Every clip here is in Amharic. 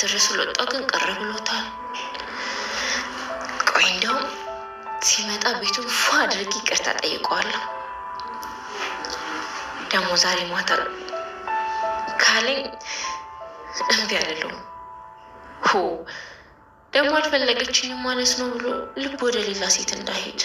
ድረስ ስለወጣው ግን ቀረ ብሎታል። ቆይ እንዲያውም ሲመጣ ቤቱን ፏ አድርጊ ይቅርታ ጠይቀዋለሁ። ደግሞ ዛሬ ማታ ካለኝ እምቢ አልለውም። ሆ ደግሞ አልፈለገችኝም ማለት ነው ብሎ ልብ ወደ ሌላ ሴት እንዳሄድ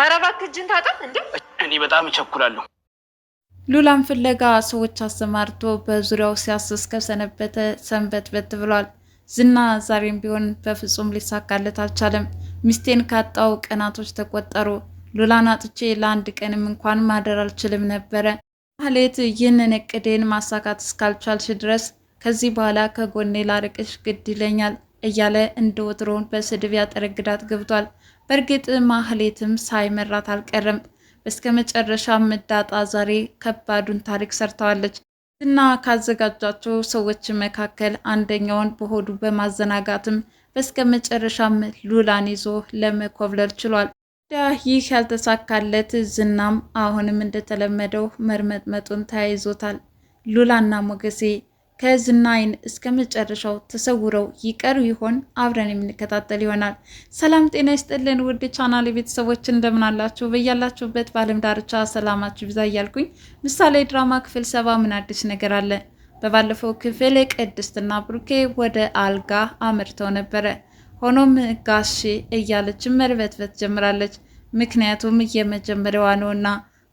ኧረ እባክህ እጅን ታጠብ እንዴ! እኔ በጣም እቸኩላለሁ። ሉላን ፍለጋ ሰዎች አሰማርቶ በዙሪያው ሲያስስ ከሰነበተ ሰንበት በት ብሏል። ዝና ዛሬም ቢሆን በፍጹም ሊሳካለት አልቻለም። ሚስቴን ካጣው ቀናቶች ተቆጠሩ። ሉላን አጥቼ ለአንድ ቀንም እንኳን ማደር አልችልም ነበረ። ማህሌት ይህንን እቅዴን ማሳካት እስካልቻልሽ ድረስ ከዚህ በኋላ ከጎኔ ላርቅሽ ግድ ይለኛል እያለ እንደ ወትሮውን በስድብ ያጠረግዳት ገብቷል። በእርግጥ ማህሌትም ሳይመራት አልቀረም። በስከ መጨረሻ ምዳጣ ዛሬ ከባዱን ታሪክ ሰርተዋለች እና ካዘጋጃቸው ሰዎች መካከል አንደኛውን በሆዱ በማዘናጋትም በስከ መጨረሻም ሉላን ይዞ ለመኮብለል ችሏል። ዳ ይህ ያልተሳካለት ዝናም አሁንም እንደተለመደው መርመጥመጡን ተያይዞታል። ሉላና ሞገሴ ከዝና አይን እስከ መጨረሻው ተሰውረው ይቀሩ ይሆን? አብረን የምንከታተል ይሆናል። ሰላም ጤና ይስጥልን ውድ ቻናል ቤተሰቦች እንደምን አላችሁ? በያላችሁበት በዓለም ዳርቻ ሰላማችሁ ብዛ እያልኩኝ ምሳሌ ድራማ ክፍል ሰባ ምን አዲስ ነገር አለ? በባለፈው ክፍል ቅድስትና ብሩኬ ወደ አልጋ አምርተው ነበረ። ሆኖም ጋሼ እያለች መርበትበት ጀምራለች። ምክንያቱም የመጀመሪያዋ ነውና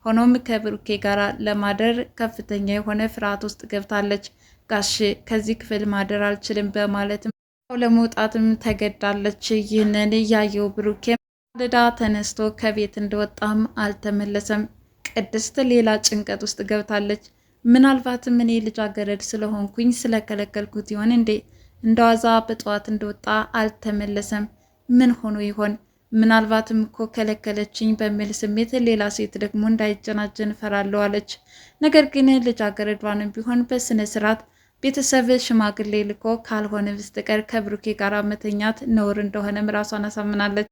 ሆኖም ከብሩኬ ጋር ለማደር ከፍተኛ የሆነ ፍርሃት ውስጥ ገብታለች። ጋሽ ከዚህ ክፍል ማደር አልችልም በማለትም ለመውጣትም ተገዳለች። ይህንን ያየው ብሩኬ ማለዳ ተነስቶ ከቤት እንደወጣም አልተመለሰም። ቅድስት ሌላ ጭንቀት ውስጥ ገብታለች። ምናልባትም እኔ ልጃገረድ ስለሆንኩኝ ስለከለከልኩት ይሆን እንዴ? እንደዋዛ በጠዋት እንደወጣ አልተመለሰም። ምን ሆኖ ይሆን? ምናልባትም እኮ ከለከለችኝ በሚል ስሜት ሌላ ሴት ደግሞ እንዳይጀናጀን እፈራለሁ አለች። ነገር ግን ልጃገረዷንም ቢሆን በስነ ስርዓት ቤተሰብ ሽማግሌ ልኮ ካልሆነ በስተቀር ከብሩኬ ጋር መተኛት ነውር እንደሆነም ራሷን አሳምናለች።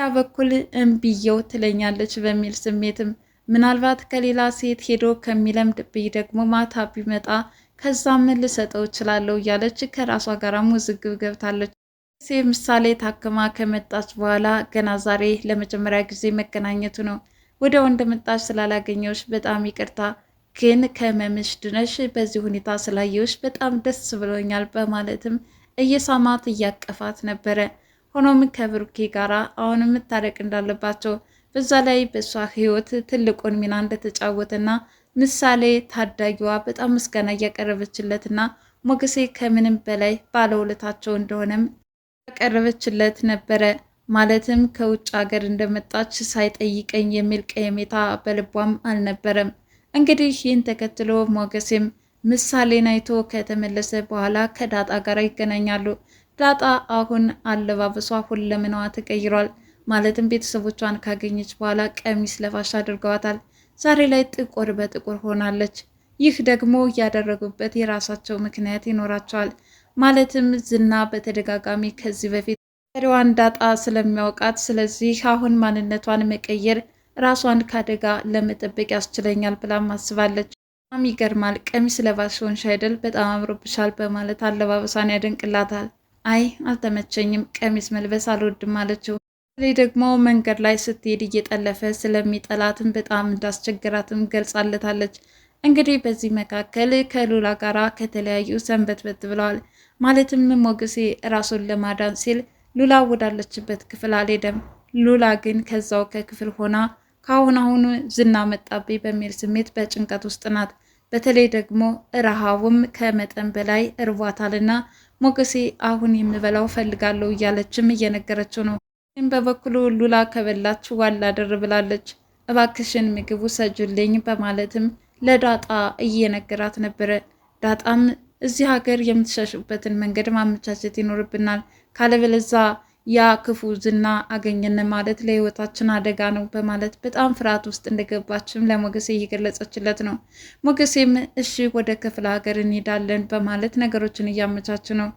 ያ በኩል እምብየው ትለኛለች በሚል ስሜትም ምናልባት ከሌላ ሴት ሄዶ ከሚለምድብኝ ደግሞ ማታ ቢመጣ ከዛም ልሰጠው እችላለሁ እያለች ከራሷ ጋራም ውዝግብ ገብታለች። ሴ ምሳሌ ታክማ ከመጣች በኋላ ገና ዛሬ ለመጀመሪያ ጊዜ መገናኘቱ ነው። ወዲያው እንደመጣች ስላላገኘሁሽ በጣም ይቅርታ፣ ግን ከመምሽ ድነሽ በዚህ ሁኔታ ስላየሁሽ በጣም ደስ ብሎኛል በማለትም እየሳማት እያቀፋት ነበረ። ሆኖም ከብሩኬ ጋር አሁን መታረቅ እንዳለባቸው በዛ ላይ በእሷ ህይወት ትልቁን ሚና እንደተጫወተና ምሳሌ ታዳጊዋ በጣም ምስጋና እያቀረበችለትና ሞገሴ ከምንም በላይ ባለውለታቸው እንደሆነም ያቀረበችለት ነበረ። ማለትም ከውጭ ሀገር እንደመጣች ሳይጠይቀኝ የሚል ቀየሜታ በልቧም አልነበረም። እንግዲህ ይህን ተከትሎ ሞገሴም ምሳሌን አይቶ ከተመለሰ በኋላ ከዳጣ ጋር ይገናኛሉ። ዳጣ አሁን አለባበሷ ሁለመናዋ ተቀይሯል። ማለትም ቤተሰቦቿን ካገኘች በኋላ ቀሚስ ለፋሽ አድርገዋታል። ዛሬ ላይ ጥቁር በጥቁር ሆናለች። ይህ ደግሞ ያደረጉበት የራሳቸው ምክንያት ይኖራቸዋል። ማለትም ዝና በተደጋጋሚ ከዚህ በፊት ሪዋን ዳጣ ስለሚያውቃት፣ ስለዚህ አሁን ማንነቷን መቀየር ራሷን ከአደጋ ለመጠበቅ ያስችለኛል ብላ ማስባለች። በጣም ይገርማል፣ ቀሚስ ለባሽ ሆንሽ አይደል? በጣም አምሮብሻል በማለት አለባበሷን ያደንቅላታል። አይ አልተመቸኝም፣ ቀሚስ መልበስ አልወድም አለችው። በተለይ ደግሞ መንገድ ላይ ስትሄድ እየጠለፈ ስለሚጠላትም በጣም እንዳስቸግራትም ገልጻለታለች። እንግዲህ በዚህ መካከል ከሉላ ጋራ ከተለያዩ ሰንበት በት ብለዋል። ማለትም ሞገሴ ራሱን ለማዳን ሲል ሉላ ወዳለችበት ክፍል አልሄደም። ሉላ ግን ከዛው ከክፍል ሆና ከአሁን አሁኑ ዝና መጣብኝ በሚል ስሜት በጭንቀት ውስጥ ናት። በተለይ ደግሞ ረሃቡም ከመጠን በላይ እርቧታልና ሞገሴ አሁን የምበላው ፈልጋለሁ እያለችም እየነገረችው ነው። ግን በበኩሉ ሉላ ከበላች ዋላ ድር ብላለች። እባክሽን ምግቡ ሰጁልኝ በማለትም ለዳጣ እየነገራት ነበረ። ዳጣም እዚህ ሀገር የምትሸሽበትን መንገድ ማመቻቸት ይኖርብናል። ካለበለዛ ያ ክፉ ዝና አገኘን ማለት ለህይወታችን አደጋ ነው በማለት በጣም ፍርሃት ውስጥ እንደገባችም ለሞገሴ እየገለጸችለት ነው። ሞገሴም እሺ ወደ ክፍለ ሀገር እንሄዳለን በማለት ነገሮችን እያመቻች ነው።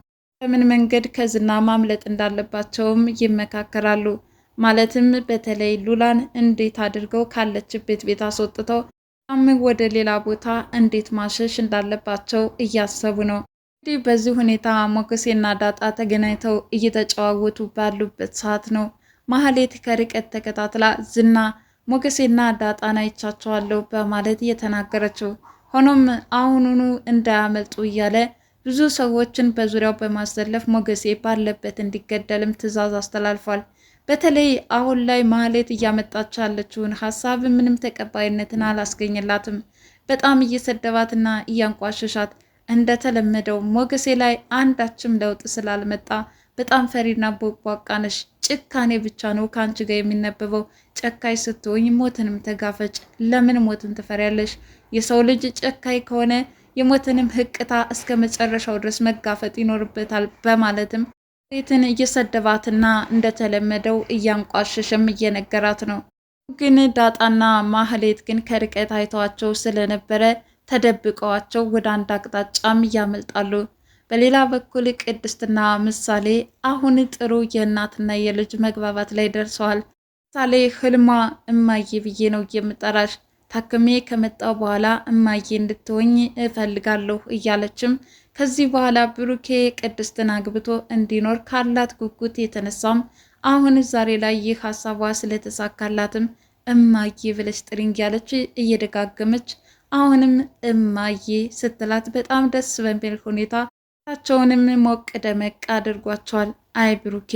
በምን መንገድ ከዝና ማምለጥ እንዳለባቸውም ይመካከራሉ። ማለትም በተለይ ሉላን እንዴት አድርገው ካለችበት ቤት አስወጥተው ም ወደ ሌላ ቦታ እንዴት ማሸሽ እንዳለባቸው እያሰቡ ነው። እንግዲህ በዚህ ሁኔታ ሞገሴና ዳጣ ተገናኝተው እየተጨዋወቱ ባሉበት ሰዓት ነው ማህሌት ከርቀት ተከታትላ ዝና ሞገሴና ዳጣን አይቻቸዋለሁ በማለት እየተናገረችው ሆኖም አሁኑኑ እንዳያመልጡ እያለ ብዙ ሰዎችን በዙሪያው በማሰለፍ ሞገሴ ባለበት እንዲገደልም ትዕዛዝ አስተላልፏል። በተለይ አሁን ላይ ማህሌት እያመጣች ያለችውን ሀሳብ ምንም ተቀባይነትን አላስገኝላትም። በጣም እየሰደባትና እያንቋሸሻት እንደተለመደው ሞገሴ ላይ አንዳችም ለውጥ ስላልመጣ በጣም ፈሪና ቦቧቃ ነሽ። ጭካኔ ብቻ ነው ከአንቺ ጋር የሚነበበው። ጨካኝ ስትሆኝ ሞትንም ተጋፈጭ። ለምን ሞትን ትፈሪያለሽ? የሰው ልጅ ጨካኝ ከሆነ የሞትንም ህቅታ እስከ መጨረሻው ድረስ መጋፈጥ ይኖርበታል በማለትም ሴትን እየሰደባትና እንደተለመደው እያንቋሸሸም እየነገራት ነው። ግን ዳጣና ማህሌት ግን ከርቀት አይተዋቸው ስለነበረ ተደብቀዋቸው ወደ አንድ አቅጣጫም እያመልጣሉ። በሌላ በኩል ቅድስትና ምሳሌ አሁን ጥሩ የእናትና የልጅ መግባባት ላይ ደርሰዋል። ምሳሌ ህልማ እማዬ ብዬ ነው የምጠራሽ ታክሜ ከመጣው በኋላ እማዬ እንድትሆኝ እፈልጋለሁ እያለችም ከዚህ በኋላ ብሩኬ ቅድስትን አግብቶ እንዲኖር ካላት ጉጉት የተነሳም አሁን ዛሬ ላይ ይህ ሀሳቧ ስለተሳካላትም እማዬ ብለሽ ጥሪኝ ያለች እየደጋገመች አሁንም እማዬ ስትላት በጣም ደስ በሚል ሁኔታ ታቸውንም ሞቅ ደመቅ አድርጓቸዋል። አይ ብሩኬ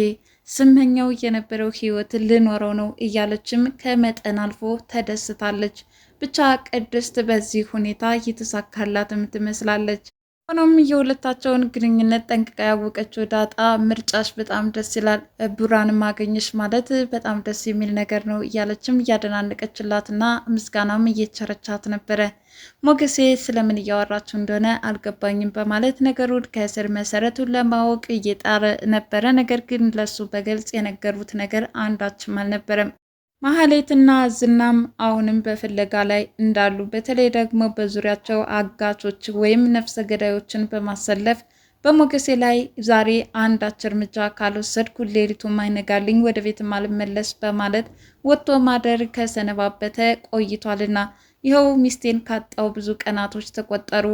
ስመኛው የነበረው ህይወት ልኖረው ነው እያለችም ከመጠን አልፎ ተደስታለች። ብቻ ቅድስት በዚህ ሁኔታ የተሳካላትም ትመስላለች። ሆኖም የሁለታቸውን ግንኙነት ጠንቅቃ ያወቀችው ዳጣ ምርጫሽ በጣም ደስ ይላል፣ ቡራን ማገኘሽ ማለት በጣም ደስ የሚል ነገር ነው እያለችም እያደናነቀችላትና ምስጋናም እየቸረቻት ነበረ። ሞገሴ ስለምን እያወራችው እንደሆነ አልገባኝም በማለት ነገሩን ከስር መሰረቱ ለማወቅ እየጣረ ነበረ። ነገር ግን ለሱ በግልጽ የነገሩት ነገር አንዳችም አልነበረም። ማህሌትና ዝናም አሁንም በፍለጋ ላይ እንዳሉ በተለይ ደግሞ በዙሪያቸው አጋቾች ወይም ነፍሰ ገዳዮችን በማሰለፍ በሞገሴ ላይ ዛሬ አንዳች እርምጃ ካልወሰድኩ ሌሊቱ ማይነጋልኝ ወደ ቤትም አልመለስ በማለት ወጥቶ ማደር ከሰነባበተ ቆይቷልና ይኸው ሚስቴን ካጣው ብዙ ቀናቶች ተቆጠሩ።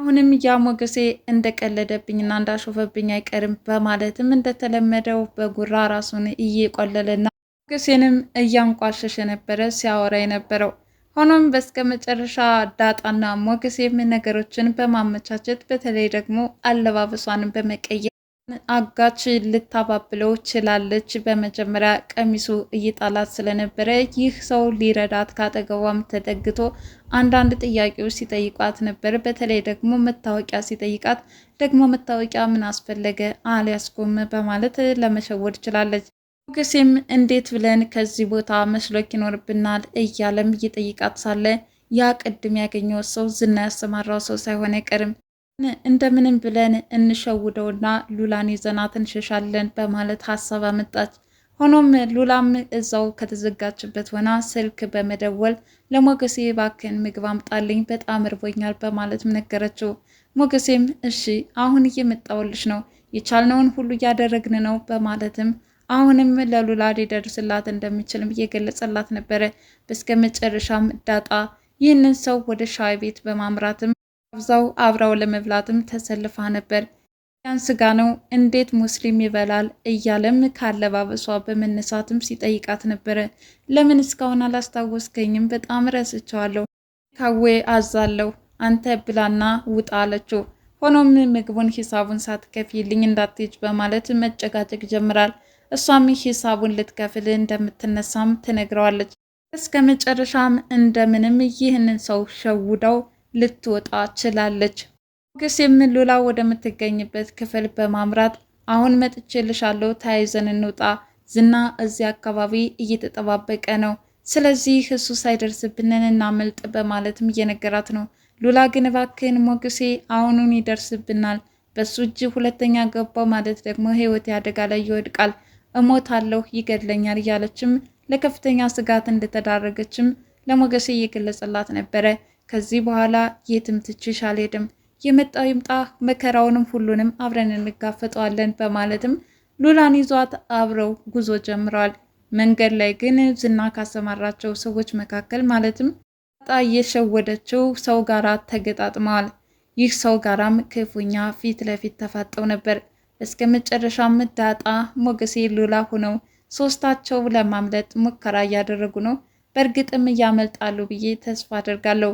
አሁንም ያ ሞገሴ እንደቀለደብኝና እንዳሾፈብኝ አይቀርም በማለትም እንደተለመደው በጉራ ራሱን እየቆለለና ግሴንም እያንቋሸሽ የነበረ ሲያወራ የነበረው። ሆኖም በስከ መጨረሻ ዳጣና ሞገሴም ነገሮችን በማመቻቸት በተለይ ደግሞ አለባበሷን በመቀየር አጋች ልታባብለው ችላለች። በመጀመሪያ ቀሚሱ እይጣላት ስለነበረ ይህ ሰው ሊረዳት ካጠገቧም ተጠግቶ አንዳንድ ጥያቄዎች ሲጠይቋት ነበር። በተለይ ደግሞ መታወቂያ ሲጠይቃት ደግሞ መታወቂያ ምን አስፈለገ አልያዝኩም በማለት ለመሸወድ ችላለች። ሞገሴም እንዴት ብለን ከዚህ ቦታ መስሎክ ይኖርብናል እያለም እየጠይቃት ሳለ ያ ቅድም ያገኘው ሰው ዝና ያሰማራው ሰው ሳይሆን አይቀርም እንደምንም ብለን እንሸውደውና ሉላን ይዘናት እንሸሻለን በማለት ሀሳብ አመጣች። ሆኖም ሉላም እዛው ከተዘጋችበት ሆና ስልክ በመደወል ለሞገሴ ባክን ምግብ አምጣልኝ በጣም እርቦኛል በማለትም ነገረችው። ሞገሴም እሺ አሁን እየመጣሁልሽ ነው፣ የቻልነውን ሁሉ እያደረግን ነው በማለትም አሁንም ለሉላ ሊደርስላት እንደሚችልም እየገለጸላት ነበረ። በስከ መጨረሻም ዳጣ ይህንን ሰው ወደ ሻይ ቤት በማምራትም አብዛው አብረው ለመብላትም ተሰልፋ ነበር። ያን ስጋ ነው እንዴት ሙስሊም ይበላል እያለም ካለባበሷ በመነሳትም ሲጠይቃት ነበረ። ለምን እስካሁን አላስታወስከኝም? በጣም ረስቸዋለሁ። ካዌ አዛለሁ አንተ ብላና ውጣ አለችው። ሆኖም ምግቡን ሂሳቡን ሳትከፊልኝ እንዳትሄጅ በማለት መጨጋጨግ ጀምራል። እሷም ሂሳቡን ልትከፍል እንደምትነሳም ትነግረዋለች። እስከ መጨረሻም እንደምንም ይህንን ሰው ሸውደው ልትወጣ ችላለች። ሞገስ የምንሉላ ወደምትገኝበት ክፍል በማምራት አሁን መጥቼልሻለሁ፣ ተያይዘን እንውጣ። ዝና እዚህ አካባቢ እየተጠባበቀ ነው። ስለዚህ እሱ ሳይደርስብን እናመልጥ በማለትም እየነገራት ነው። ሉላ ግን እባክህን ሞገሴ አሁኑን ይደርስብናል፣ በሱ እጅ ሁለተኛ ገባው ማለት ደግሞ ህይወት አደጋ ላይ ይወድቃል እሞታለሁ፣ ይገድለኛል እያለችም ለከፍተኛ ስጋት እንደተዳረገችም ለሞገሴ እየገለጸላት ነበረ። ከዚህ በኋላ የትም ትችሽ አልሄድም፣ የመጣው ይምጣ፣ መከራውንም ሁሉንም አብረን እንጋፈጠዋለን በማለትም ሉላን ይዟት አብረው ጉዞ ጀምረዋል። መንገድ ላይ ግን ዝና ካሰማራቸው ሰዎች መካከል ማለትም ጣ እየሸወደችው ሰው ጋራ ተገጣጥመዋል። ይህ ሰው ጋራም ክፉኛ ፊት ለፊት ተፋጠው ነበር። እስከ መጨረሻ ምዳጣ ሞገሴ ሉላ ሆነው ሶስታቸው ለማምለጥ ሙከራ እያደረጉ ነው። በእርግጥም እያመልጣሉ ብዬ ተስፋ አደርጋለሁ።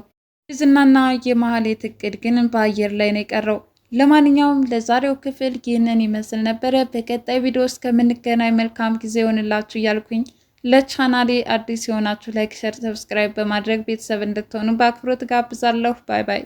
ዝናና የማህሌት እቅድ ግን በአየር ላይ ነው የቀረው። ለማንኛውም ለዛሬው ክፍል ይህንን ይመስል ነበረ። በቀጣይ ቪዲዮ እስከምንገናኝ መልካም ጊዜ ይሆንላችሁ እያልኩኝ ለቻናሌ አዲስ የሆናችሁ ላይክ፣ ሸር፣ ሰብስክራይብ በማድረግ ቤተሰብ እንድትሆኑ በአክብሮት ጋብዛለሁ። ባይ ባይ።